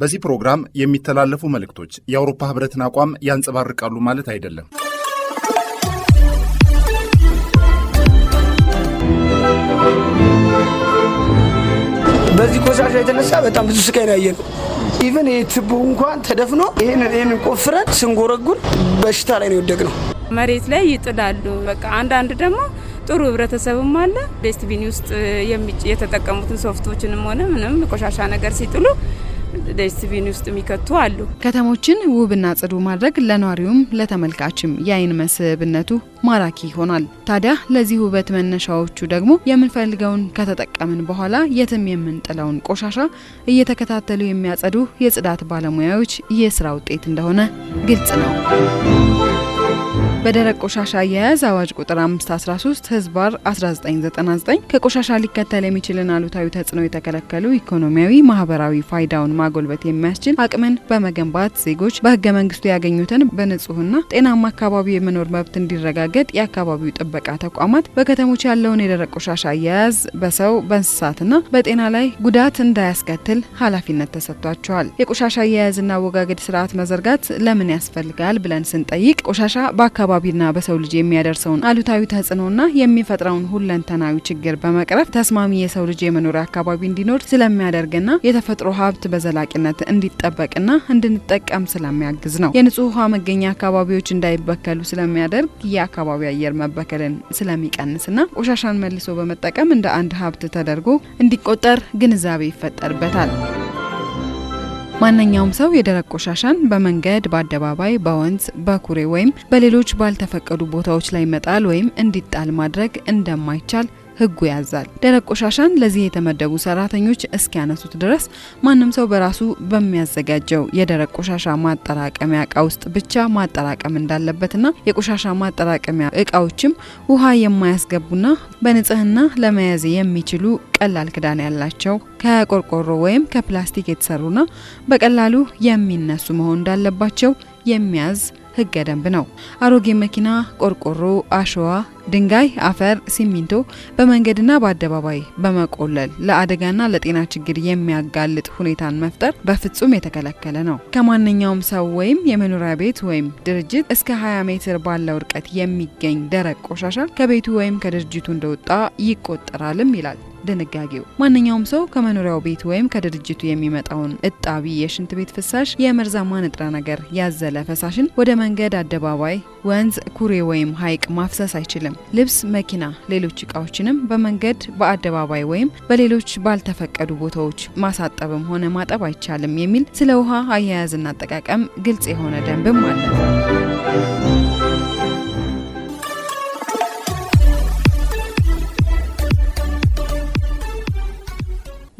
በዚህ ፕሮግራም የሚተላለፉ መልእክቶች የአውሮፓ ህብረትን አቋም ያንጸባርቃሉ ማለት አይደለም። በዚህ ቆሻሻ የተነሳ በጣም ብዙ ስቃይ ነው ያየነው። ኢቨን ይህ ትቦ እንኳን ተደፍኖ ይህንን ቆፍረን ስንጎረጉር በሽታ ላይ ነው የወደቅነው። መሬት ላይ ይጥላሉ። በቃ አንዳንድ ደግሞ ጥሩ ህብረተሰብም አለ። ዴስትቢን ውስጥ የተጠቀሙትን ሶፍቶችንም ሆነ ምንም ቆሻሻ ነገር ሲጥሉ ዴስቲቪን ውስጥ የሚከቱ አሉ። ከተሞችን ውብና ጽዱ ማድረግ ለነዋሪውም ለተመልካችም የአይን መስህብነቱ ማራኪ ይሆናል። ታዲያ ለዚህ ውበት መነሻዎቹ ደግሞ የምንፈልገውን ከተጠቀምን በኋላ የትም የምንጥለውን ቆሻሻ እየተከታተሉ የሚያጸዱ የጽዳት ባለሙያዎች የስራ ውጤት እንደሆነ ግልጽ ነው። በደረቅ ቆሻሻ አያያዝ አዋጅ ቁጥር 513 ህዝባር 1999 ከቆሻሻ ሊከተል የሚችልን አሉታዊ ተጽዕኖ የተከለከሉ ኢኮኖሚያዊ፣ ማህበራዊ ፋይዳውን ማጎልበት የሚያስችል አቅምን በመገንባት ዜጎች በህገ መንግስቱ ያገኙትን በንጹህና ጤናማ አካባቢ የመኖር መብት እንዲረጋገጥ የአካባቢው ጥበቃ ተቋማት በከተሞች ያለውን የደረቅ ቆሻሻ አያያዝ በሰው በእንስሳትና በጤና ላይ ጉዳት እንዳያስከትል ኃላፊነት ተሰጥቷቸዋል። የቆሻሻ አያያዝና አወጋገድ ስርዓት መዘርጋት ለምን ያስፈልጋል ብለን ስንጠይቅ ቆሻሻ በአካባቢ በአካባቢና በሰው ልጅ የሚያደርሰውን አሉታዊ ተጽዕኖና የሚፈጥረውን ሁለንተናዊ ችግር በመቅረፍ ተስማሚ የሰው ልጅ የመኖሪያ አካባቢ እንዲኖር ስለሚያደርግና የተፈጥሮ ሀብት በዘላቂነት እንዲጠበቅና እንድንጠቀም ስለሚያግዝ ነው። የንጹህ ውሃ መገኛ አካባቢዎች እንዳይበከሉ ስለሚያደርግ የአካባቢ አየር መበከልን ስለሚቀንስና ቆሻሻን መልሶ በመጠቀም እንደ አንድ ሀብት ተደርጎ እንዲቆጠር ግንዛቤ ይፈጠርበታል። ማንኛውም ሰው የደረቅ ቆሻሻን በመንገድ፣ በአደባባይ፣ በወንዝ፣ በኩሬ ወይም በሌሎች ባልተፈቀዱ ቦታዎች ላይ መጣል ወይም እንዲጣል ማድረግ እንደማይቻል ህጉ ያዛል። ደረቅ ቆሻሻን ለዚህ የተመደቡ ሰራተኞች እስኪያነሱት ድረስ ማንም ሰው በራሱ በሚያዘጋጀው የደረቅ ቆሻሻ ማጠራቀሚያ እቃ ውስጥ ብቻ ማጠራቀም እንዳለበትና የቆሻሻ ማጠራቀሚያ እቃዎችም ውሃ የማያስገቡና በንጽህና ለመያዝ የሚችሉ ቀላል ክዳን ያላቸው ከቆርቆሮ ወይም ከፕላስቲክ የተሰሩና በቀላሉ የሚነሱ መሆን እንዳለባቸው የሚያዝ ህገ ደንብ ነው። አሮጌ መኪና፣ ቆርቆሮ፣ አሸዋ፣ ድንጋይ፣ አፈር፣ ሲሚንቶ በመንገድና በአደባባይ በመቆለል ለአደጋና ለጤና ችግር የሚያጋልጥ ሁኔታን መፍጠር በፍጹም የተከለከለ ነው። ከማንኛውም ሰው ወይም የመኖሪያ ቤት ወይም ድርጅት እስከ 20 ሜትር ባለው እርቀት የሚገኝ ደረቅ ቆሻሻ ከቤቱ ወይም ከድርጅቱ እንደወጣ ይቆጠራልም ይላል። ድንጋጌው ማንኛውም ሰው ከመኖሪያው ቤት ወይም ከድርጅቱ የሚመጣውን እጣቢ የሽንት ቤት ፍሳሽ፣ የመርዛማ ንጥረ ነገር ያዘለ ፈሳሽን ወደ መንገድ፣ አደባባይ፣ ወንዝ፣ ኩሬ ወይም ሐይቅ ማፍሰስ አይችልም። ልብስ፣ መኪና፣ ሌሎች እቃዎችንም በመንገድ፣ በአደባባይ ወይም በሌሎች ባልተፈቀዱ ቦታዎች ማሳጠብም ሆነ ማጠብ አይቻልም የሚል ስለ ውሃ አያያዝና አጠቃቀም ግልጽ የሆነ ደንብም አለ።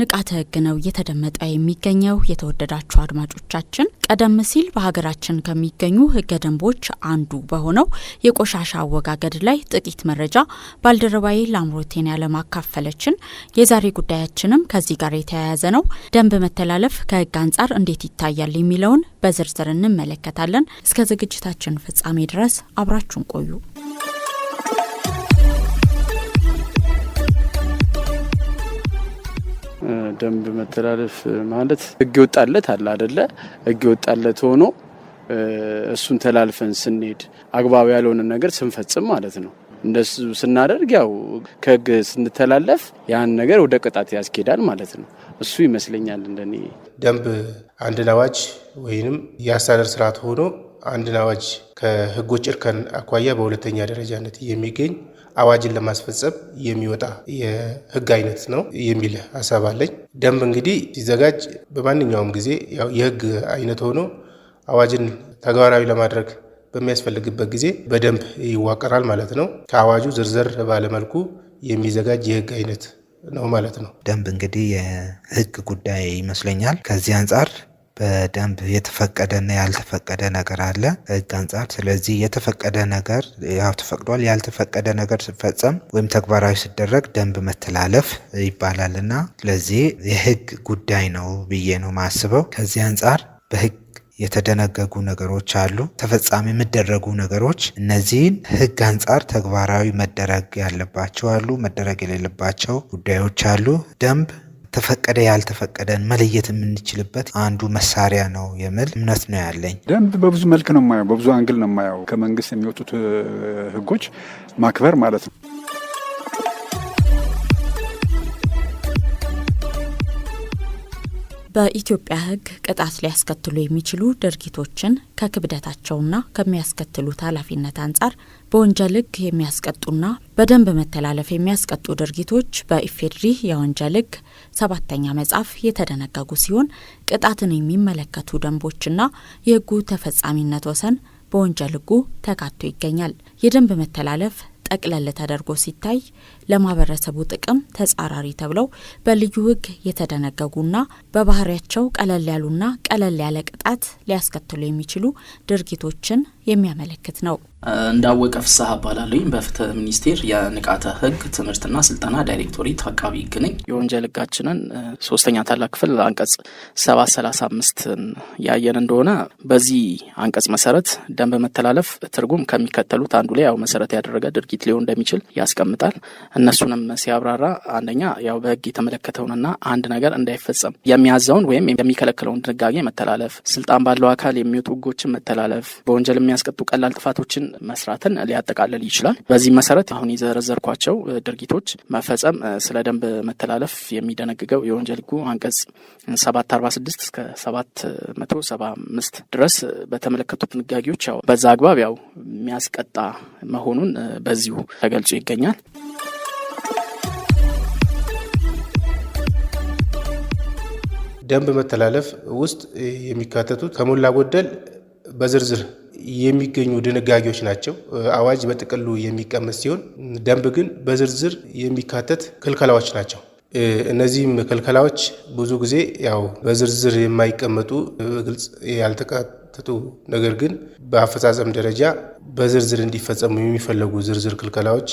ንቃተ ህግ ነው እየተደመጠ የሚገኘው። የተወደዳችሁ አድማጮቻችን፣ ቀደም ሲል በሀገራችን ከሚገኙ ህገ ደንቦች አንዱ በሆነው የቆሻሻ አወጋገድ ላይ ጥቂት መረጃ ባልደረባዬ ላምሮቴን ያለማካፈለችን፣ የዛሬ ጉዳያችንም ከዚህ ጋር የተያያዘ ነው። ደንብ መተላለፍ ከህግ አንጻር እንዴት ይታያል የሚለውን በዝርዝር እንመለከታለን። እስከ ዝግጅታችን ፍጻሜ ድረስ አብራችሁን ቆዩ። ደንብ መተላለፍ ማለት ህግ የወጣለት አለ አደለ? ህግ የወጣለት ሆኖ እሱን ተላልፈን ስንሄድ አግባብ ያልሆነ ነገር ስንፈጽም ማለት ነው። እንደሱ ስናደርግ ያው ከህግ ስንተላለፍ ያን ነገር ወደ ቅጣት ያስኬዳል ማለት ነው። እሱ ይመስለኛል እንደኔ ደንብ አንድ ለዋጅ ወይንም የአስተዳደር ስርዓት ሆኖ አንድን አዋጅ ከህጎች እርከን አኳያ በሁለተኛ ደረጃነት የሚገኝ አዋጅን ለማስፈጸም የሚወጣ የህግ አይነት ነው የሚል ሀሳብ አለኝ። ደንብ እንግዲህ ሲዘጋጅ በማንኛውም ጊዜ ያው የህግ አይነት ሆኖ አዋጅን ተግባራዊ ለማድረግ በሚያስፈልግበት ጊዜ በደንብ ይዋቀራል ማለት ነው። ከአዋጁ ዝርዝር ባለመልኩ የሚዘጋጅ የህግ አይነት ነው ማለት ነው። ደንብ እንግዲህ የህግ ጉዳይ ይመስለኛል። ከዚህ አንጻር በደንብ የተፈቀደና ያልተፈቀደ ነገር አለ ህግ አንፃር። ስለዚህ የተፈቀደ ነገር ያው ተፈቅዷል፣ ያልተፈቀደ ነገር ሲፈጸም ወይም ተግባራዊ ሲደረግ ደንብ መተላለፍ ይባላልና ስለዚህ የህግ ጉዳይ ነው ብዬ ነው ማስበው። ከዚህ አንፃር በህግ የተደነገጉ ነገሮች አሉ፣ ተፈጻሚ የሚደረጉ ነገሮች። እነዚህን ህግ አንጻር ተግባራዊ መደረግ ያለባቸው አሉ፣ መደረግ የሌለባቸው ጉዳዮች አሉ። ደንብ ተፈቀደ ያልተፈቀደን መለየት የምንችልበት አንዱ መሳሪያ ነው የሚል እምነት ነው ያለኝ። ደንብ በብዙ መልክ ነው የማየው፣ በብዙ አንግል ነው የማየው። ከመንግስት የሚወጡት ህጎች ማክበር ማለት ነው። በኢትዮጵያ ሕግ ቅጣት ሊያስከትሉ የሚችሉ ድርጊቶችን ከክብደታቸውና ከሚያስከትሉት ኃላፊነት አንጻር በወንጀል ሕግ የሚያስቀጡና በደንብ መተላለፍ የሚያስቀጡ ድርጊቶች በኢፌድሪ የወንጀል ሕግ ሰባተኛ መጽሐፍ የተደነገጉ ሲሆን ቅጣትን የሚመለከቱ ደንቦችና የሕጉ ተፈጻሚነት ወሰን በወንጀል ሕጉ ተካቶ ይገኛል። የደንብ መተላለፍ ጠቅለል ተደርጎ ሲታይ ለማህበረሰቡ ጥቅም ተጻራሪ ተብለው በልዩ ህግ የተደነገጉና በባህሪያቸው ቀለል ያሉና ቀለል ያለ ቅጣት ሊያስከትሉ የሚችሉ ድርጊቶችን የሚያመለክት ነው። እንዳወቀ ፍስሀ እባላለሁ። በፍትህ ሚኒስቴር የንቃተ ህግ ትምህርትና ስልጠና ዳይሬክቶሬት አቃቢ ሕግ ነኝ። የወንጀል ህጋችንን ሶስተኛ ታላቅ ክፍል አንቀጽ ሰባት ሰላሳ አምስትን ያየን እንደሆነ በዚህ አንቀጽ መሰረት ደንብ መተላለፍ ትርጉም ከሚከተሉት አንዱ ላይ ያው መሰረት ያደረገ ድርጊት ሊሆን እንደሚችል ያስቀምጣል። እነሱንም ሲያብራራ አንደኛ ያው በህግ የተመለከተውንና አንድ ነገር እንዳይፈጸም የሚያዘውን ወይም የሚከለክለውን ድንጋጌ መተላለፍ፣ ስልጣን ባለው አካል የሚወጡ ህጎችን መተላለፍ፣ በወንጀል የሚያስቀጡ ቀላል ጥፋቶችን መስራትን ሊያጠቃልል ይችላል። በዚህ መሰረት አሁን የዘረዘርኳቸው ድርጊቶች መፈጸም ስለ ደንብ መተላለፍ የሚደነግገው የወንጀል ህጉ አንቀጽ ሰባት አርባ ስድስት እስከ ሰባት መቶ ሰባ አምስት ድረስ በተመለከቱ ድንጋጌዎች ያው በዛ አግባብ ያው የሚያስቀጣ መሆኑን በዚሁ ተገልጾ ይገኛል። ደንብ መተላለፍ ውስጥ የሚካተቱት ከሞላ ጎደል በዝርዝር የሚገኙ ድንጋጌዎች ናቸው። አዋጅ በጥቅሉ የሚቀመጥ ሲሆን ደንብ ግን በዝርዝር የሚካተት ክልከላዎች ናቸው። እነዚህም ክልከላዎች ብዙ ጊዜ ያው በዝርዝር የማይቀመጡ በግልጽ ያልተካተቱ ነገር ግን በአፈጻጸም ደረጃ በዝርዝር እንዲፈጸሙ የሚፈለጉ ዝርዝር ክልከላዎች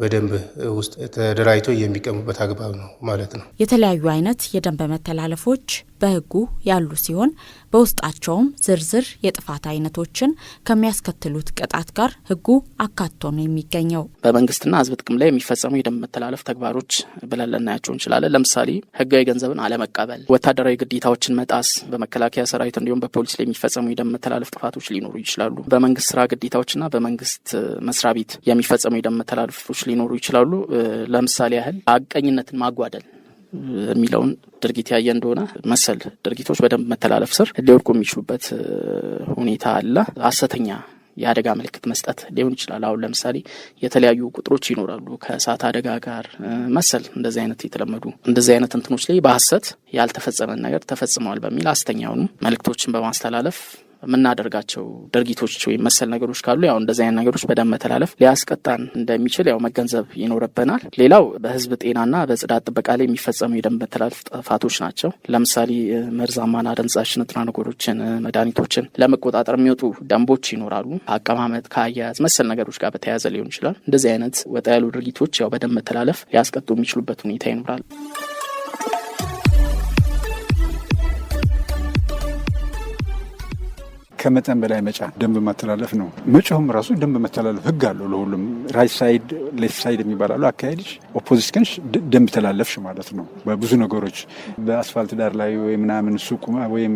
በደንብ ውስጥ ተደራጅቶ የሚቀሙበት አግባብ ነው ማለት ነው። የተለያዩ አይነት የደንብ መተላለፎች በህጉ ያሉ ሲሆን በውስጣቸውም ዝርዝር የጥፋት አይነቶችን ከሚያስከትሉት ቅጣት ጋር ህጉ አካቶ ነው የሚገኘው። በመንግስትና ህዝብ ጥቅም ላይ የሚፈጸሙ የደንብ መተላለፍ ተግባሮች ብለን ልናያቸው እንችላለን። ለምሳሌ ህጋዊ ገንዘብን አለመቀበል፣ ወታደራዊ ግዴታዎችን መጣስ፣ በመከላከያ ሰራዊት እንዲሁም በፖሊስ ላይ የሚፈጸሙ የደንብ መተላለፍ ጥፋቶች ሊኖሩ ይችላሉ። በመንግስት ስራ ግዴታዎችና በመንግስት መስሪያ ቤት የሚፈጸሙ የደንብ መተላለፍ ድርጊቶች ሊኖሩ ይችላሉ። ለምሳሌ ያህል አቀኝነትን ማጓደል የሚለውን ድርጊት ያየ እንደሆነ መሰል ድርጊቶች በደንብ መተላለፍ ስር ሊወድቁ የሚችሉበት ሁኔታ አለ። ሐሰተኛ የአደጋ ምልክት መስጠት ሊሆን ይችላል። አሁን ለምሳሌ የተለያዩ ቁጥሮች ይኖራሉ ከእሳት አደጋ ጋር መሰል እንደዚህ አይነት የተለመዱ እንደዚህ አይነት እንትኖች ላይ በሐሰት ያልተፈጸመን ነገር ተፈጽመዋል በሚል ሐሰተኛ የሆኑ መልእክቶችን በማስተላለፍ የምናደርጋቸው ድርጊቶች ወይም መሰል ነገሮች ካሉ ያው እንደዚህ አይነት ነገሮች በደም መተላለፍ ሊያስቀጣን እንደሚችል ያው መገንዘብ ይኖርብናል። ሌላው በህዝብ ጤናና በጽዳት ጥበቃ ላይ የሚፈጸሙ የደም መተላለፍ ጥፋቶች ናቸው። ለምሳሌ መርዛማና አደንዛዥ ንጥረ ነገሮችን፣ መድኃኒቶችን ለመቆጣጠር የሚወጡ ደንቦች ይኖራሉ። አቀማመጥ ከአያያዝ መሰል ነገሮች ጋር በተያያዘ ሊሆን ይችላል። እንደዚህ አይነት ወጣ ያሉ ድርጊቶች ያው በደም መተላለፍ ሊያስቀጡ የሚችሉበት ሁኔታ ይኖራል። ከመጠን በላይ መጫን ደንብ ማተላለፍ ነው። መጮህም ራሱ ደንብ መተላለፍ ህግ አለው ለሁሉም። ራይት ሳይድ ሌፍት ሳይድ የሚባላሉ አካሄድሽ ኦፖዚት ከንሽ ደንብ ተላለፍሽ ማለት ነው። በብዙ ነገሮች በአስፋልት ዳር ላይ ወይ ምናምን ሱቅ ወይም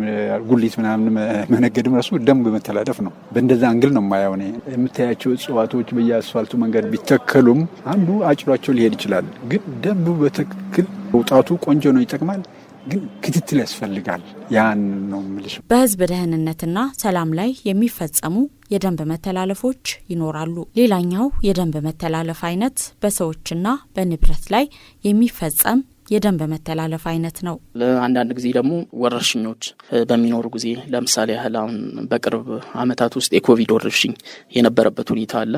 ጉሊት ምናምን መነገድም ራሱ ደንብ መተላለፍ ነው። በእንደዛ አንግል ነው ማየው እኔ። የምታያቸው እጽዋቶች በየአስፋልቱ መንገድ ቢተከሉም አንዱ አጭሏቸው ሊሄድ ይችላል። ግን ደንብ በትክክል መውጣቱ ቆንጆ ነው፣ ይጠቅማል። ግን ክትትል ያስፈልጋል። ያን ነው ምልሽ። በህዝብ ደህንነትና ሰላም ላይ የሚፈጸሙ የደንብ መተላለፎች ይኖራሉ። ሌላኛው የደንብ መተላለፍ አይነት በሰዎችና በንብረት ላይ የሚፈጸም የደንብ መተላለፍ አይነት ነው። አንዳንድ ጊዜ ደግሞ ወረርሽኞች በሚኖሩ ጊዜ ለምሳሌ ያህል አሁን በቅርብ አመታት ውስጥ የኮቪድ ወረርሽኝ የነበረበት ሁኔታ አለ።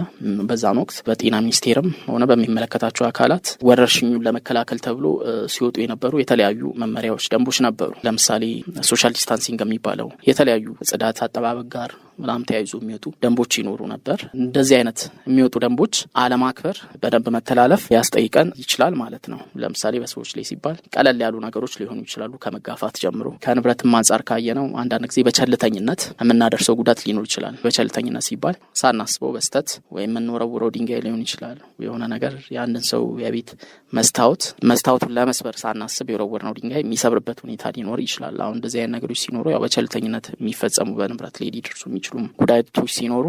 በዛን ወቅት በጤና ሚኒስቴርም ሆነ በሚመለከታቸው አካላት ወረርሽኙን ለመከላከል ተብሎ ሲወጡ የነበሩ የተለያዩ መመሪያዎች፣ ደንቦች ነበሩ። ለምሳሌ ሶሻል ዲስታንሲንግ የሚባለው የተለያዩ ጽዳት አጠባበቅ ጋር ምናምን ተያይዞ የሚወጡ ደንቦች ይኖሩ ነበር። እንደዚህ አይነት የሚወጡ ደንቦች አለማክበር በደንብ መተላለፍ ያስጠይቀን ይችላል ማለት ነው። ለምሳሌ በሰዎች ላይ ሲባል ቀለል ያሉ ነገሮች ሊሆኑ ይችላሉ፣ ከመጋፋት ጀምሮ። ከንብረትም አንጻር ካየነው አንዳንድ ጊዜ በቸልተኝነት የምናደርሰው ጉዳት ሊኖር ይችላል። በቸልተኝነት ሲባል ሳናስበው በስተት ወይም የምንወረውረው ድንጋይ ሊሆን ይችላል። የሆነ ነገር የአንድን ሰው የቤት መስታወት መስታወቱን ለመስበር ሳናስብ የወረወርነው ድንጋይ የሚሰብርበት ሁኔታ ሊኖር ይችላል። አሁን እንደዚህ አይነት ነገሮች ሲኖሩ ያው በቸልተኝነት የሚፈጸሙ በንብረት ላይ ሊደርሱ አይችሉም። ጉዳቶች ሲኖሩ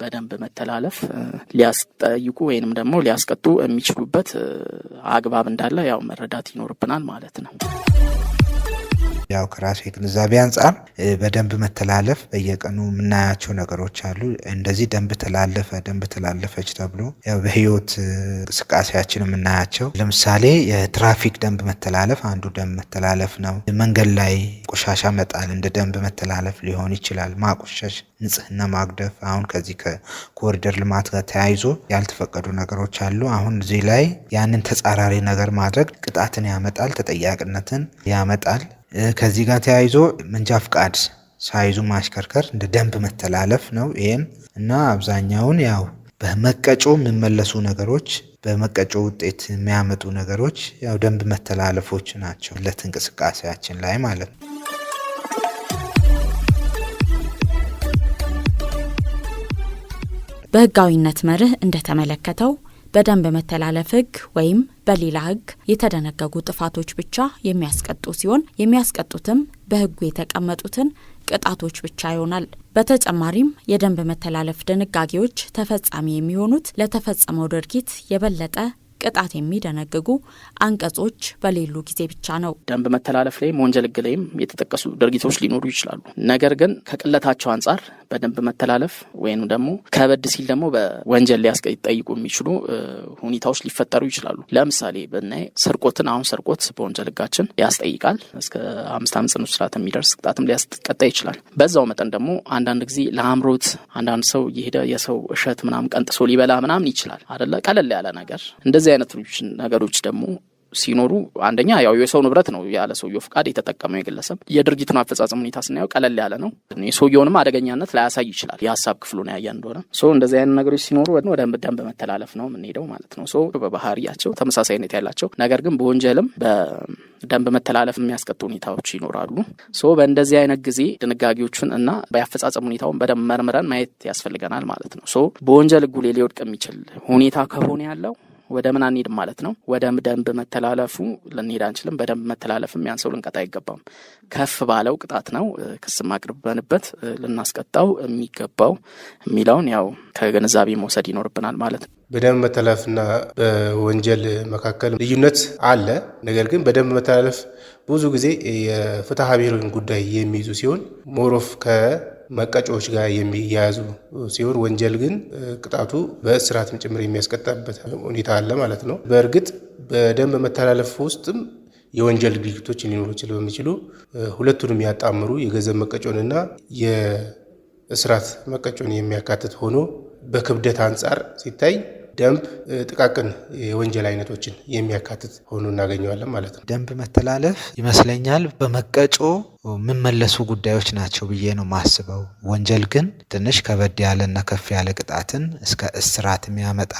በደንብ መተላለፍ ሊያስጠይቁ ወይንም ደግሞ ሊያስቀጡ የሚችሉበት አግባብ እንዳለ ያው መረዳት ይኖርብናል ማለት ነው። ያው ከራሴ ግንዛቤ አንፃር በደንብ መተላለፍ በየቀኑ የምናያቸው ነገሮች አሉ እንደዚህ ደንብ ተላለፈ ደንብ ተላለፈች ተብሎ ያው በህይወት እንቅስቃሴያችን የምናያቸው ለምሳሌ የትራፊክ ደንብ መተላለፍ አንዱ ደንብ መተላለፍ ነው። መንገድ ላይ ቆሻሻ መጣል እንደ ደንብ መተላለፍ ሊሆን ይችላል። ማቆሸሽ ንጽህና ማጉደፍ አሁን ከዚህ ከኮሪደር ልማት ጋር ተያይዞ ያልተፈቀዱ ነገሮች አሉ። አሁን እዚህ ላይ ያንን ተጻራሪ ነገር ማድረግ ቅጣትን ያመጣል ተጠያቂነትን ያመጣል። ከዚህ ጋር ተያይዞ መንጃ ፍቃድ ሳይዙ ማሽከርከር እንደ ደንብ መተላለፍ ነው። ይህም እና አብዛኛውን ያው በመቀጮ የሚመለሱ ነገሮች በመቀጮ ውጤት የሚያመጡ ነገሮች ያው ደንብ መተላለፎች ናቸው። ለት እንቅስቃሴያችን ላይ ማለት ነው። በህጋዊነት መርህ እንደተመለከተው በደንብ መተላለፍ ህግ ወይም በሌላ ህግ የተደነገጉ ጥፋቶች ብቻ የሚያስቀጡ ሲሆን የሚያስቀጡትም በህጉ የተቀመጡትን ቅጣቶች ብቻ ይሆናል። በተጨማሪም የደንብ መተላለፍ ድንጋጌዎች ተፈጻሚ የሚሆኑት ለተፈጸመው ድርጊት የበለጠ ቅጣት የሚደነግጉ አንቀጾች በሌሉ ጊዜ ብቻ ነው። ደንብ መተላለፍ ላይም ወንጀል ሕግ ላይም የተጠቀሱ ድርጊቶች ሊኖሩ ይችላሉ። ነገር ግን ከቅለታቸው አንጻር በደንብ መተላለፍ ወይም ደግሞ ከበድ ሲል ደግሞ በወንጀል ሊያስጠይቁ የሚችሉ ሁኔታዎች ሊፈጠሩ ይችላሉ። ለምሳሌ ብናይ ስርቆትን፣ አሁን ስርቆት በወንጀል ሕጋችን ያስጠይቃል። እስከ አምስት ዓመት ጽኑ እስራት የሚደርስ ቅጣትም ሊያስቀጣ ይችላል። በዛው መጠን ደግሞ አንዳንድ ጊዜ ለአምሮት አንዳንድ ሰው እየሄደ የሰው እሸት ምናምን ቀንጥሶ ሊበላ ምናምን ይችላል። አደለ ቀለል ያለ ነገር እንደዚህ እንደዚህ አይነት ነገሮች ደግሞ ሲኖሩ አንደኛ ያው የሰው ንብረት ነው ያለ ሰውየው ፍቃድ የተጠቀመው የግለሰብ የድርጊቱን አፈጻጸም ሁኔታ ስናየው ቀለል ያለ ነው። የሰውየውንም አደገኛነት ላያሳይ ይችላል። የሀሳብ ክፍሉን ያያ እንደሆነ እንደዚህ አይነት ነገሮች ሲኖሩ ወደ ደንብ መተላለፍ ነው የምንሄደው ማለት ነው። በባህሪያቸው ተመሳሳይነት ያላቸው ነገር ግን በወንጀልም በደንብ መተላለፍ የሚያስቀጡ ሁኔታዎች ይኖራሉ። በእንደዚህ አይነት ጊዜ ድንጋጌዎቹን እና የአፈጻጸም ሁኔታውን በደንብ መርምረን ማየት ያስፈልገናል ማለት ነው። በወንጀል ሕጉ ላይ ሊወድቅ የሚችል ሁኔታ ከሆነ ያለው ወደ ምን አንሄድም ማለት ነው። ወደ ደንብ መተላለፉ ልንሄድ አንችልም። በደንብ መተላለፍም ያን ሰው ልንቀጣ አይገባም። ከፍ ባለው ቅጣት ነው ክስም አቅርበንበት ልናስቀጣው የሚገባው የሚለውን ያው ከግንዛቤ መውሰድ ይኖርብናል ማለት ነው። በደንብ መተላለፍና በወንጀል መካከል ልዩነት አለ። ነገር ግን በደንብ መተላለፍ ብዙ ጊዜ የፍትሐ ብሔርን ጉዳይ የሚይዙ ሲሆን ሞሮፍ ከ መቀጮዎች ጋር የሚያያዙ ሲሆን ወንጀል ግን ቅጣቱ በእስራትም ጭምር የሚያስቀጣበት ሁኔታ አለ ማለት ነው። በእርግጥ በደንብ መተላለፍ ውስጥም የወንጀል ድርጊቶች ሊኖሩ ይችላሉ በሚችሉ ሁለቱንም ያጣምሩ የገንዘብ መቀጮንና የእስራት መቀጮን የሚያካትት ሆኖ በክብደት አንጻር ሲታይ ደንብ ጥቃቅን የወንጀል አይነቶችን የሚያካትት ሆኖ እናገኘዋለን ማለት ነው። ደንብ መተላለፍ ይመስለኛል በመቀጮ የሚመለሱ ጉዳዮች ናቸው ብዬ ነው ማስበው። ወንጀል ግን ትንሽ ከበድ ያለና ከፍ ያለ ቅጣትን እስከ እስራት የሚያመጣ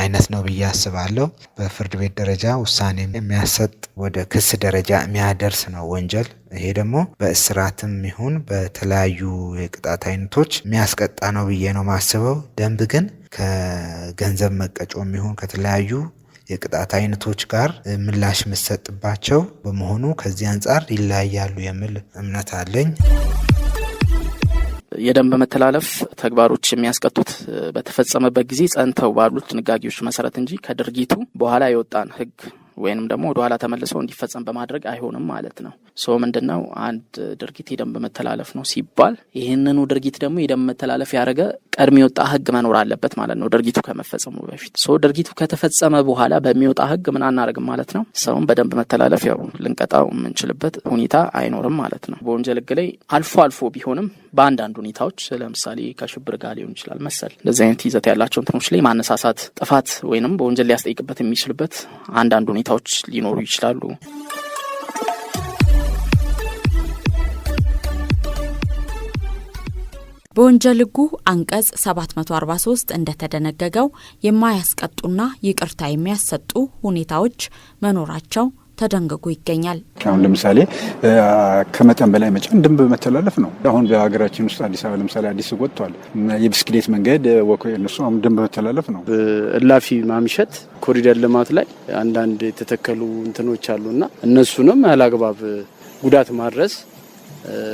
አይነት ነው ብዬ አስባለሁ። በፍርድ ቤት ደረጃ ውሳኔ የሚያሰጥ ወደ ክስ ደረጃ የሚያደርስ ነው ወንጀል። ይሄ ደግሞ በእስራትም ይሁን በተለያዩ የቅጣት አይነቶች የሚያስቀጣ ነው ብዬ ነው ማስበው ደንብ ግን ከገንዘብ መቀጮም ይሁን ከተለያዩ የቅጣት አይነቶች ጋር ምላሽ የምሰጥባቸው በመሆኑ ከዚህ አንጻር ይለያያሉ የሚል እምነት አለኝ። የደንብ መተላለፍ ተግባሮች የሚያስቀጡት በተፈጸመበት ጊዜ ጸንተው ባሉት ድንጋጌዎች መሰረት እንጂ ከድርጊቱ በኋላ የወጣን ሕግ ወይንም ደግሞ ወደኋላ ተመልሶ እንዲፈጸም በማድረግ አይሆንም ማለት ነው። ሶ ምንድን ነው አንድ ድርጊት የደንብ መተላለፍ ነው ሲባል ይህንኑ ድርጊት ደግሞ የደንብ መተላለፍ ያደረገ ቀድሞ የወጣ ህግ መኖር አለበት ማለት ነው። ድርጊቱ ከመፈጸሙ በፊት ሶ ድርጊቱ ከተፈጸመ በኋላ በሚወጣ ህግ ምን አናደርግም ማለት ነው። ሰውን በደንብ መተላለፍ ያው ልንቀጣው የምንችልበት ሁኔታ አይኖርም ማለት ነው። በወንጀል ህግ ላይ አልፎ አልፎ ቢሆንም በአንዳንድ ሁኔታዎች ለምሳሌ ከሽብር ጋር ሊሆን ይችላል መሰል እንደዚህ አይነት ይዘት ያላቸው እንትኖች ላይ ማነሳሳት ጥፋት ወይንም በወንጀል ሊያስጠይቅበት የሚችልበት አንዳንድ ሁኔታዎች ሊኖሩ ይችላሉ። በወንጀል ህጉ አንቀጽ 743 እንደተደነገገው የማያስቀጡና ይቅርታ የሚያሰጡ ሁኔታዎች መኖራቸው ተደንግጎ ይገኛል። አሁን ለምሳሌ ከመጠን በላይ መጫን ደንብ መተላለፍ ነው። አሁን በሀገራችን ውስጥ አዲስ አበባ ለምሳሌ አዲስ ወጥቷል። የብስክሌት መንገድ ወኮ እነሱ አሁን ደንብ መተላለፍ ነው። እላፊ ማምሸት ኮሪደር ልማት ላይ አንዳንድ የተተከሉ እንትኖች አሉና እነሱንም ያላግባብ ጉዳት ማድረስ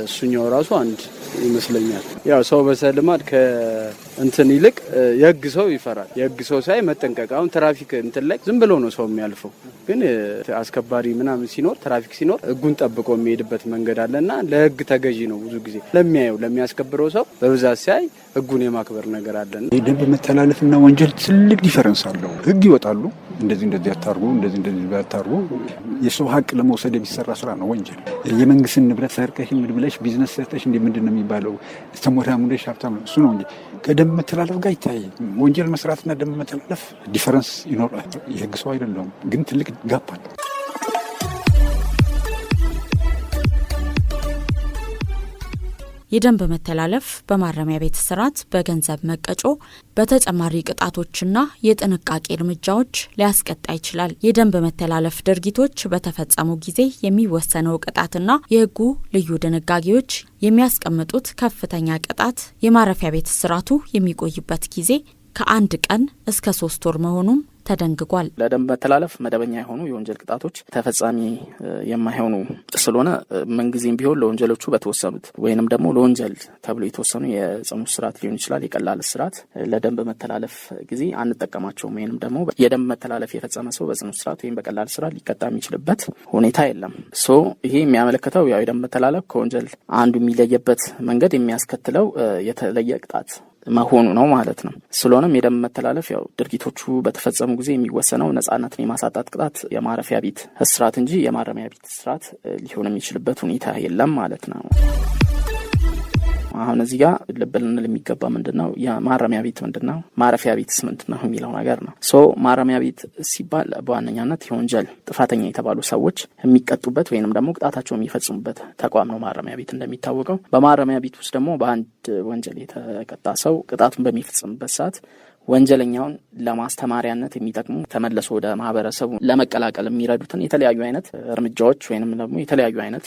እሱኛው ራሱ አንድ ይመስለኛል። ያው ሰው በሰልማድ ከእንትን ይልቅ የህግ ሰው ይፈራል። የህግ ሰው ሳይ መጠንቀቅ። አሁን ትራፊክ እንትን ላይ ዝም ብሎ ነው ሰው የሚያልፈው፣ ግን አስከባሪ ምናምን ሲኖር ትራፊክ ሲኖር ህጉን ጠብቆ የሚሄድበት መንገድ አለ እና ለህግ ተገዢ ነው ብዙ ጊዜ ለሚያየው ለሚያስከብረው ሰው በብዛት ሲያይ ህጉን የማክበር ነገር አለ። ደንብ መተላለፍና ወንጀል ትልቅ ዲፈረንስ አለው። ህግ ይወጣሉ እንደዚህ እንደዚህ ያታርጉ እንደዚህ እንደዚህ ያታርጉ። የሰው ሀቅ ለመውሰድ የሚሰራ ስራ ነው ወንጀል። የመንግስትን ንብረት ሰርቀሽ ምን ብለሽ ቢዝነስ ሰርተሽ እንዲ ምንድን ነው የሚባለው? ሙደሽ ሀብታም እሱ ነው ወንጀል። ከደም መተላለፍ ጋር ይታይ። ወንጀል መስራትና ደም መተላለፍ ዲፈረንስ ይኖራል። የህግ ሰው አይደለውም ግን ትልቅ ጋፕ አለው። የደንብ መተላለፍ በማረሚያ ቤት ስርዓት በገንዘብ መቀጮ፣ በተጨማሪ ቅጣቶችና የጥንቃቄ እርምጃዎች ሊያስቀጣ ይችላል። የደንብ መተላለፍ ድርጊቶች በተፈጸሙ ጊዜ የሚወሰነው ቅጣትና የህጉ ልዩ ድንጋጌዎች የሚያስቀምጡት ከፍተኛ ቅጣት፣ የማረፊያ ቤት ስርዓቱ የሚቆይበት ጊዜ ከአንድ ቀን እስከ ሶስት ወር መሆኑም ተደንግጓል። ለደንብ መተላለፍ መደበኛ የሆኑ የወንጀል ቅጣቶች ተፈጻሚ የማይሆኑ ስለሆነ ምንጊዜም ቢሆን ለወንጀሎቹ በተወሰኑት ወይንም ደግሞ ለወንጀል ተብሎ የተወሰኑ የጽኑ እስራት ሊሆን ይችላል፣ የቀላል እስራት ለደንብ መተላለፍ ጊዜ አንጠቀማቸውም። ወይንም ደግሞ የደንብ መተላለፍ የፈጸመ ሰው በጽኑ እስራት ወይም በቀላል እስራት ሊቀጣ የሚችልበት ሁኔታ የለም። ሶ ይሄ የሚያመለክተው ያው የደንብ መተላለፍ ከወንጀል አንዱ የሚለየበት መንገድ የሚያስከትለው የተለየ ቅጣት መሆኑ ነው ማለት ነው። ስለሆነም የደም መተላለፍ ያው ድርጊቶቹ በተፈጸሙ ጊዜ የሚወሰነው ነጻነትን የማሳጣት ቅጣት የማረፊያ ቤት እስራት እንጂ የማረሚያ ቤት እስራት ሊሆን የሚችልበት ሁኔታ የለም ማለት ነው። አሁን እዚህ ጋር ልብ ልንል የሚገባ ምንድን ነው የማረሚያ ቤት ምንድን ነው፣ ማረፊያ ቤትስ ምንድን ነው የሚለው ነገር ነው። ሶ ማረሚያ ቤት ሲባል በዋነኛነት የወንጀል ጥፋተኛ የተባሉ ሰዎች የሚቀጡበት ወይንም ደግሞ ቅጣታቸው የሚፈጽሙበት ተቋም ነው ማረሚያ ቤት እንደሚታወቀው። በማረሚያ ቤት ውስጥ ደግሞ በአንድ ወንጀል የተቀጣ ሰው ቅጣቱን በሚፈጽምበት ሰዓት ወንጀለኛውን ለማስተማሪያነት የሚጠቅሙ ተመልሶ ወደ ማህበረሰቡ ለመቀላቀል የሚረዱትን የተለያዩ አይነት እርምጃዎች ወይንም ደግሞ የተለያዩ አይነት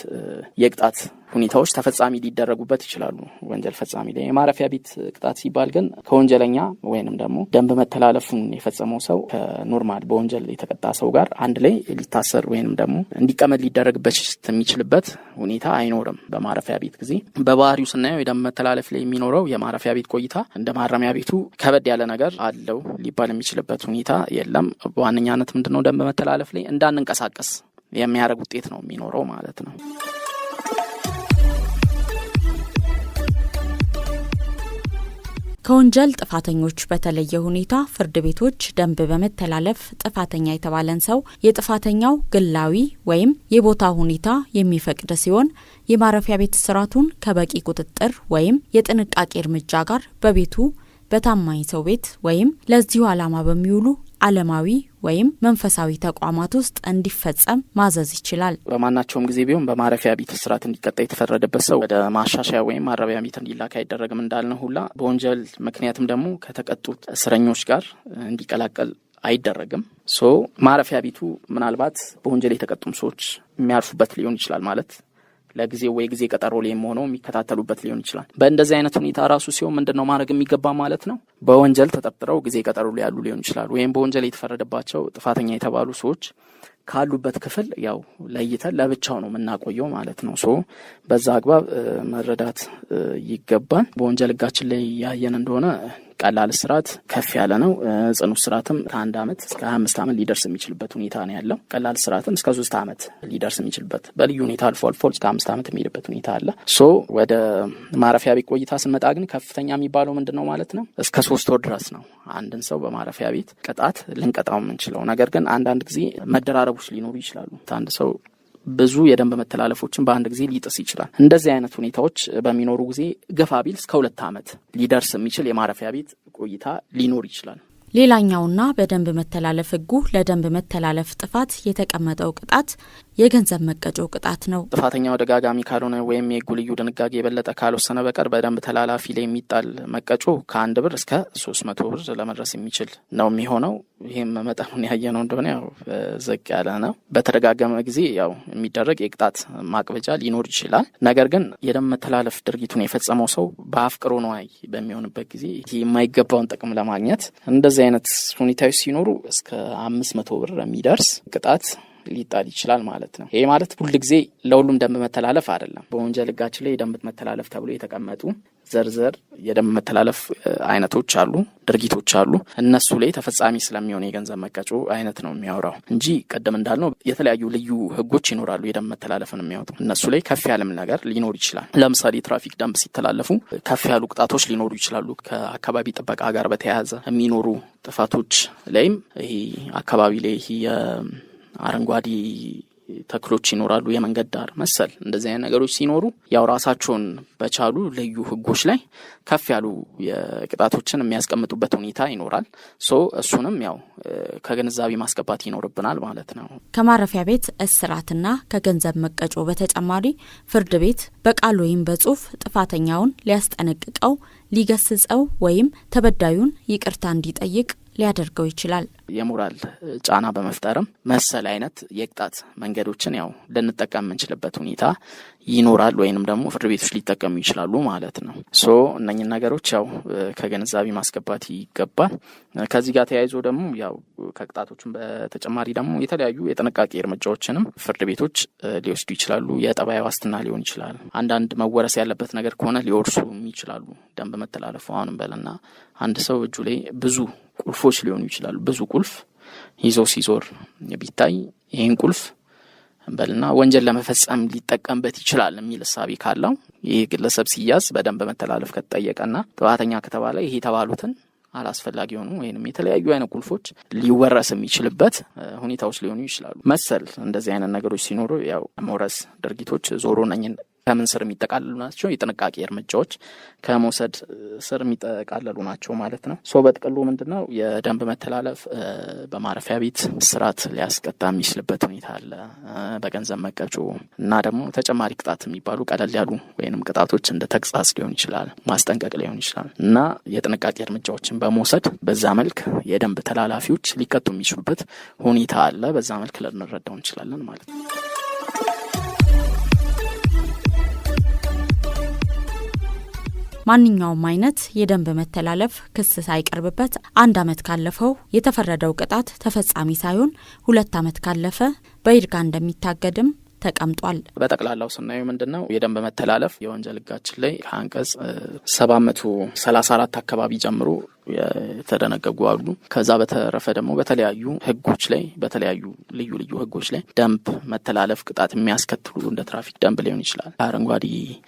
የቅጣት ሁኔታዎች ተፈጻሚ ሊደረጉበት ይችላሉ። ወንጀል ፈጻሚ ላይ የማረፊያ ቤት ቅጣት ሲባል ግን ከወንጀለኛ ወይንም ደግሞ ደንብ መተላለፉን የፈጸመው ሰው ከኖርማል በወንጀል የተቀጣ ሰው ጋር አንድ ላይ ሊታሰር ወይንም ደግሞ እንዲቀመጥ ሊደረግበት የሚችልበት ሁኔታ አይኖርም። በማረፊያ ቤት ጊዜ በባህሪው ስናየው የደንብ መተላለፍ ላይ የሚኖረው የማረፊያ ቤት ቆይታ እንደ ማረሚያ ቤቱ ከበድ ያለ ነገር ነገር አለው ሊባል የሚችልበት ሁኔታ የለም። በዋነኛነት ምንድነው ደንብ በመተላለፍ ላይ እንዳንንቀሳቀስ የሚያደርግ ውጤት ነው የሚኖረው ማለት ነው። ከወንጀል ጥፋተኞች በተለየ ሁኔታ ፍርድ ቤቶች ደንብ በመተላለፍ ጥፋተኛ የተባለን ሰው የጥፋተኛው ግላዊ ወይም የቦታ ሁኔታ የሚፈቅድ ሲሆን የማረፊያ ቤት ስርዓቱን ከበቂ ቁጥጥር ወይም የጥንቃቄ እርምጃ ጋር በቤቱ በታማኝ ሰው ቤት ወይም ለዚሁ ዓላማ በሚውሉ ዓለማዊ ወይም መንፈሳዊ ተቋማት ውስጥ እንዲፈጸም ማዘዝ ይችላል። በማናቸውም ጊዜ ቢሆን በማረፊያ ቤት እስራት እንዲቀጣ የተፈረደበት ሰው ወደ ማሻሻያ ወይም ማረቢያ ቤት እንዲላክ አይደረግም እንዳልነው ሁላ በወንጀል ምክንያትም ደግሞ ከተቀጡት እስረኞች ጋር እንዲቀላቀል አይደረግም። ሶ ማረፊያ ቤቱ ምናልባት በወንጀል የተቀጡም ሰዎች የሚያርፉበት ሊሆን ይችላል ማለት ለጊዜ ወይ ጊዜ ቀጠሮ ላይም ሆነው የሚከታተሉበት ሊሆን ይችላል። በእንደዚህ አይነት ሁኔታ ራሱ ሲሆን ምንድን ነው ማድረግ የሚገባ ማለት ነው? በወንጀል ተጠርጥረው ጊዜ ቀጠሮ ላይ ያሉ ሊሆን ይችላል። ወይም በወንጀል የተፈረደባቸው ጥፋተኛ የተባሉ ሰዎች ካሉበት ክፍል ያው ለይተን ለብቻው ነው የምናቆየው ማለት ነው። ሶ በዛ አግባብ መረዳት ይገባል። በወንጀል ህጋችን ላይ ያየን እንደሆነ ቀላል እስራት ከፍ ያለ ነው። ጽኑ እስራትም ከአንድ ዓመት እስከ ሀያ አምስት ዓመት ሊደርስ የሚችልበት ሁኔታ ነው ያለው። ቀላል እስራትም እስከ ሶስት ዓመት ሊደርስ የሚችልበት በልዩ ሁኔታ አልፎ አልፎ እስከ አምስት ዓመት የሚሄድበት ሁኔታ አለ። ሶ ወደ ማረፊያ ቤት ቆይታ ስንመጣ ግን ከፍተኛ የሚባለው ምንድን ነው ማለት ነው እስከ ሶስት ወር ድረስ ነው አንድን ሰው በማረፊያ ቤት ቅጣት ልንቀጣው የምንችለው። ነገር ግን አንዳንድ ጊዜ መደራረቦች ሊኖሩ ይችላሉ። አንድ ሰው ብዙ የደንብ መተላለፎችን በአንድ ጊዜ ሊጥስ ይችላል። እንደዚህ አይነት ሁኔታዎች በሚኖሩ ጊዜ ገፋ ቢል እስከ ሁለት ዓመት ሊደርስ የሚችል የማረፊያ ቤት ቆይታ ሊኖር ይችላል። ሌላኛውና በደንብ መተላለፍ ህጉ ለደንብ መተላለፍ ጥፋት የተቀመጠው ቅጣት የገንዘብ መቀጮ ቅጣት ነው። ጥፋተኛው ደጋጋሚ ካልሆነ ወይም የህጉ ልዩ ድንጋጌ የበለጠ ካልወሰነ በቀር በደንብ ተላላፊ ላይ የሚጣል መቀጮ ከአንድ ብር እስከ ሶስት መቶ ብር ለመድረስ የሚችል ነው የሚሆነው። ይህም መጠኑን ያየ ነው እንደሆነ ያው ዘቅ ያለ ነው። በተደጋገመ ጊዜ ያው የሚደረግ የቅጣት ማቅበጃ ሊኖር ይችላል። ነገር ግን የደም መተላለፍ ድርጊቱን የፈጸመው ሰው በአፍቅሮ ነዋይ በሚሆንበት ጊዜ የማይገባውን ጥቅም ለማግኘት እንደዚህ አይነት ሁኔታዎች ሲኖሩ እስከ አምስት መቶ ብር የሚደርስ ቅጣት ሊጣል ይችላል ማለት ነው። ይሄ ማለት ሁል ጊዜ ለሁሉም ደንብ መተላለፍ አይደለም። በወንጀል ህጋችን ላይ የደንብ መተላለፍ ተብሎ የተቀመጡ ዘርዘር የደንብ መተላለፍ አይነቶች አሉ፣ ድርጊቶች አሉ። እነሱ ላይ ተፈጻሚ ስለሚሆን የገንዘብ መቀጮ አይነት ነው የሚያወራው እንጂ ቅድም እንዳልነው የተለያዩ ልዩ ህጎች ይኖራሉ የደንብ መተላለፍን የሚያወጡ እነሱ ላይ ከፍ ያለም ነገር ሊኖር ይችላል። ለምሳሌ ትራፊክ ደንብ ሲተላለፉ ከፍ ያሉ ቅጣቶች ሊኖሩ ይችላሉ። ከአካባቢ ጥበቃ ጋር በተያያዘ የሚኖሩ ጥፋቶች ላይም ይሄ አካባቢ ላይ አረንጓዴ ተክሎች ይኖራሉ፣ የመንገድ ዳር መሰል እንደዚህ አይነት ነገሮች ሲኖሩ ያው ራሳቸውን በቻሉ ልዩ ህጎች ላይ ከፍ ያሉ የቅጣቶችን የሚያስቀምጡበት ሁኔታ ይኖራል። ሶ እሱንም ያው ከግንዛቤ ማስገባት ይኖርብናል ማለት ነው። ከማረፊያ ቤት እስራትና ከገንዘብ መቀጮ በተጨማሪ ፍርድ ቤት በቃል ወይም በጽሁፍ ጥፋተኛውን ሊያስጠነቅቀው፣ ሊገስጸው ወይም ተበዳዩን ይቅርታ እንዲጠይቅ ሊያደርገው ይችላል። የሞራል ጫና በመፍጠርም መሰል አይነት የቅጣት መንገዶችን ያው ልንጠቀም የምንችልበት ሁኔታ ይኖራል፣ ወይንም ደግሞ ፍርድ ቤቶች ሊጠቀሙ ይችላሉ ማለት ነው። ሶ እነኝን ነገሮች ያው ከግንዛቤ ማስገባት ይገባል። ከዚህ ጋር ተያይዞ ደግሞ ያው ከቅጣቶችን በተጨማሪ ደግሞ የተለያዩ የጥንቃቄ እርምጃዎችንም ፍርድ ቤቶች ሊወስዱ ይችላሉ። የጠባይ ዋስትና ሊሆን ይችላል። አንዳንድ መወረስ ያለበት ነገር ከሆነ ሊወርሱም ይችላሉ። ደንብ መተላለፉ አሁንም በለና አንድ ሰው እጁ ላይ ብዙ ቁልፎች ሊሆኑ ይችላሉ ብዙ ቁልፍ ይዞ ሲዞር ቢታይ ይህን ቁልፍ በልና ወንጀል ለመፈጸም ሊጠቀምበት ይችላል የሚል እሳቤ ካለው ይህ ግለሰብ ሲያዝ በደንብ በመተላለፍ ከተጠየቀና ጥፋተኛ ከተባለ ይህ የተባሉትን አላስፈላጊ የሆኑ ወይም የተለያዩ አይነት ቁልፎች ሊወረስ የሚችልበት ሁኔታዎች ሊሆኑ ይችላሉ። መሰል እንደዚህ አይነት ነገሮች ሲኖሩ ያው መውረስ ድርጊቶች ዞሮ ነኝን ከምን ስር የሚጠቃለሉ ናቸው? የጥንቃቄ እርምጃዎች ከመውሰድ ስር የሚጠቃለሉ ናቸው ማለት ነው። ሶ በጥቅሉ ምንድነው የደንብ መተላለፍ በማረፊያ ቤት ስርዓት ሊያስቀጣ የሚችልበት ሁኔታ አለ። በገንዘብ መቀጮ እና ደግሞ ተጨማሪ ቅጣት የሚባሉ ቀለል ያሉ ወይንም ቅጣቶች እንደ ተግሳጽ ሊሆን ይችላል፣ ማስጠንቀቅ ሊሆን ይችላል እና የጥንቃቄ እርምጃዎችን በመውሰድ በዛ መልክ የደንብ ተላላፊዎች ሊቀጡ የሚችሉበት ሁኔታ አለ። በዛ መልክ ልንረዳው እንችላለን ማለት ነው። ማንኛውም አይነት የደንብ መተላለፍ ክስ ሳይቀርብበት አንድ ዓመት ካለፈው የተፈረደው ቅጣት ተፈጻሚ ሳይሆን ሁለት ዓመት ካለፈ በይርጋ እንደሚታገድም ተቀምጧል። በጠቅላላው ስናየው ምንድን ነው የደንብ መተላለፍ የወንጀል ሕጋችን ላይ ከአንቀጽ ሰባት መቶ ሰላሳ አራት አካባቢ ጀምሮ የተደነገጉ አሉ። ከዛ በተረፈ ደግሞ በተለያዩ ህጎች ላይ በተለያዩ ልዩ ልዩ ህጎች ላይ ደንብ መተላለፍ ቅጣት የሚያስከትሉ እንደ ትራፊክ ደንብ ሊሆን ይችላል፣ አረንጓዴ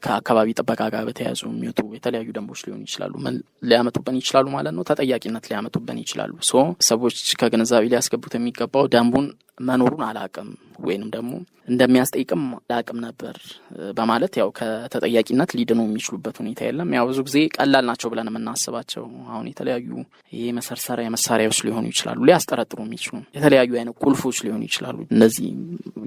ከአካባቢ ጥበቃ ጋር በተያያዙ የሚወጡ የተለያዩ ደንቦች ሊሆን ይችላሉ። ምን ሊያመጡብን ይችላሉ ማለት ነው? ተጠያቂነት ሊያመጡብን ይችላሉ። ሶ ሰዎች ከግንዛቤ ሊያስገቡት የሚገባው ደንቡን መኖሩን አላቅም ወይንም ደግሞ እንደሚያስጠይቅም ላቅም ነበር በማለት ያው ከተጠያቂነት ሊድኑ የሚችሉበት ሁኔታ የለም። ያው ብዙ ጊዜ ቀላል ናቸው ብለን የምናስባቸው አሁን የተለያዩ ይሄ መሰርሰሪያ መሳሪያዎች ሊሆኑ ይችላሉ፣ ሊያስጠረጥሩ የሚችሉ የተለያዩ አይነት ቁልፎች ሊሆኑ ይችላሉ። እነዚህ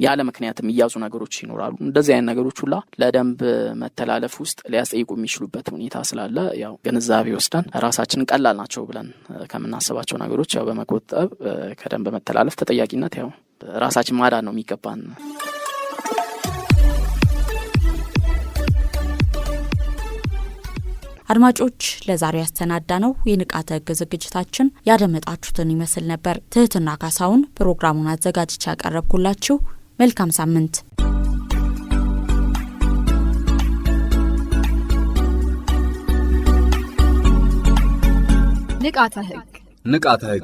ያለ ምክንያት የሚያዙ ነገሮች ይኖራሉ። እንደዚህ አይነት ነገሮች ሁላ ለደንብ መተላለፍ ውስጥ ሊያስጠይቁ የሚችሉበት ሁኔታ ስላለ ያው ግንዛቤ ወስደን ራሳችንን ቀላል ናቸው ብለን ከምናስባቸው ነገሮች ያው በመቆጠብ ከደንብ መተላለፍ ተጠያቂነት ያው ራሳችን ማዳን ነው የሚገባን። አድማጮች ለዛሬው ያስተናዳ ነው የንቃተ ህግ ዝግጅታችን ያደመጣችሁትን ይመስል ነበር። ትህትና ካሳውን ፕሮግራሙን አዘጋጅቼ ያቀረብኩላችሁ። መልካም ሳምንት። ንቃተ ህግ ንቃተ ህግ